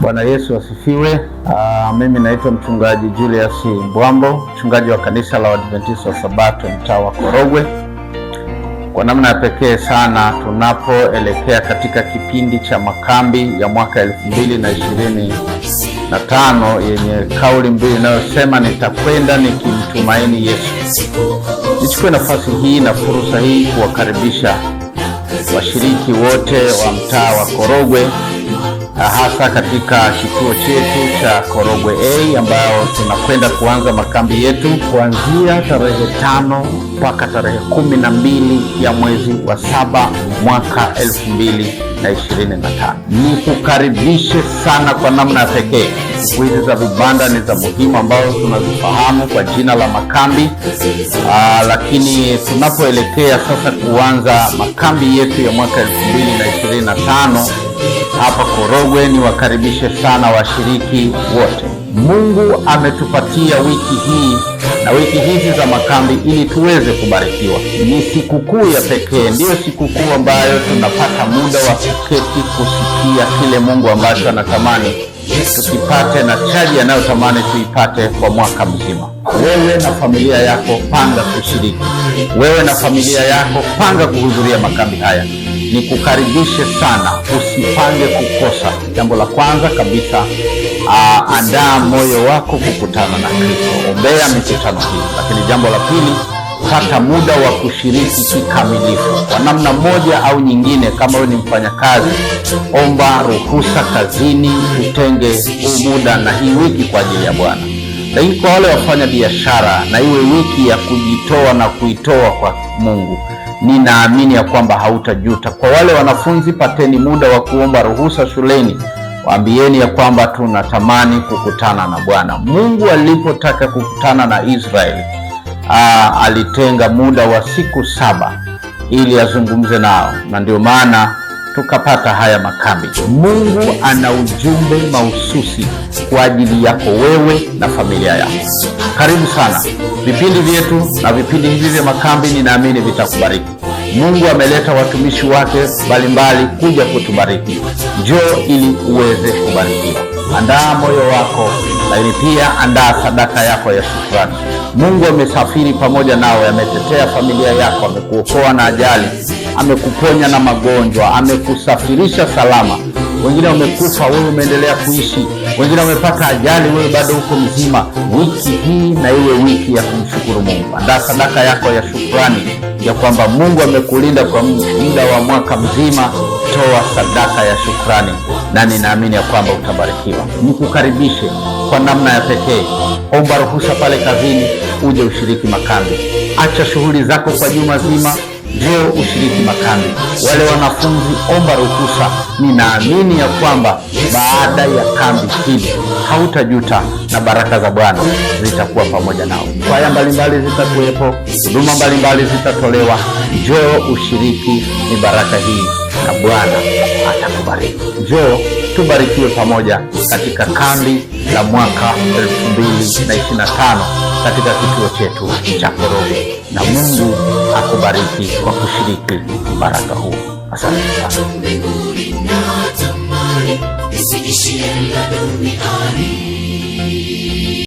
Bwana Yesu asifiwe. Ah, mimi naitwa mchungaji Julius Mbwambo, mchungaji wa kanisa la Waadventista wa Sabato mtaa wa Korogwe. Kwa namna ya pekee sana tunapoelekea katika kipindi cha makambi ya mwaka elfu mbili na ishirini na tano yenye kauli mbiu inayosema nitakwenda nikimtumaini Yesu. Nichukue nafasi hii na fursa hii kuwakaribisha washiriki wote wa mtaa wa Korogwe hasa katika kituo chetu cha Korogwe A ambayo tunakwenda kuanza makambi yetu kuanzia tarehe tano mpaka tarehe kumi na mbili ya mwezi wa saba mwaka elfu mbili na ishirini na tano. Ni kukaribishe sana kwa namna ya pekee. Siku hizi za vibanda ni za muhimu ambazo tunazifahamu kwa jina la makambi. Aa, ah, lakini tunapoelekea sasa kuanza makambi yetu ya mwaka elfu mbili na ishirini na tano hapa Korogwe niwakaribishe sana washiriki wote. Mungu ametupatia wiki hii na wiki hizi za makambi ili tuweze kubarikiwa. Ni sikukuu ya pekee, ndiyo sikukuu ambayo tunapata muda wa kuketi kusikia kile Mungu ambacho anatamani tukipate na chaji anayotamani tuipate kwa mwaka mzima. Wewe na familia yako panga kushiriki, wewe na familia yako panga kuhudhuria makambi haya ni kukaribishe sana, usipange kukosa. Jambo la kwanza kabisa, uh, andaa moyo wako kukutana na Kristo, ombea mikutano hii. Lakini jambo la pili, pata muda wa kushiriki kikamilifu kwa namna moja au nyingine. Kama wewe ni mfanyakazi, omba ruhusa kazini, utenge huu muda na hii wiki kwa ajili ya Bwana. Lakini kwa wale wafanya biashara, na iwe wiki ya kujitoa na kuitoa kwa Mungu ninaamini ya kwamba hautajuta. Kwa wale wanafunzi, pateni muda wa kuomba ruhusa shuleni, waambieni ya kwamba tunatamani kukutana na Bwana Mungu. Alipotaka kukutana na Israeli, alitenga muda wa siku saba ili azungumze nao, na ndio maana tukapata haya makambi. Mungu ana ujumbe mahususi kwa ajili yako wewe na familia yako. Karibu sana vipindi vyetu na vipindi hivi vya makambi, ninaamini vitakubariki. Mungu ameleta watumishi wake mbalimbali kuja kutubariki. Njoo ili uweze kubarikiwa. Andaa moyo wako, lakini pia andaa sadaka yako ya shukrani. Mungu amesafiri pamoja nawe, ametetea familia yako, amekuokoa na ajali amekuponya na magonjwa, amekusafirisha salama. Wengine wamekufa, wewe umeendelea kuishi. Wengine wamepata ajali, wewe bado uko mzima. Wiki hii na iwe wiki ya kumshukuru Mungu, andaa sadaka yako ya shukrani ya kwamba Mungu amekulinda kwa muda wa mwaka mzima. Toa sadaka ya shukrani, na ninaamini ya kwamba utabarikiwa. Nikukaribishe kwa namna ya pekee, omba ruhusa pale kazini uje ushiriki makambi. Acha shughuli zako kwa juma zima ndio ushiriki makambi. Wale wanafunzi, omba ruhusa. Ninaamini ya kwamba baada ya kambi hili hautajuta na baraka za Bwana zitakuwa pamoja nao. Kwaya mbalimbali zitakuwepo, huduma mbalimbali zitatolewa. Njoo ushiriki, ni baraka hii na Bwana atakubariki. Njoo tubarikiwe pamoja katika kambi la mwaka 2025 katika kituo chetu cha Korogwe, na Mungu akubariki kwa kushiriki baraka huu. Asante sana.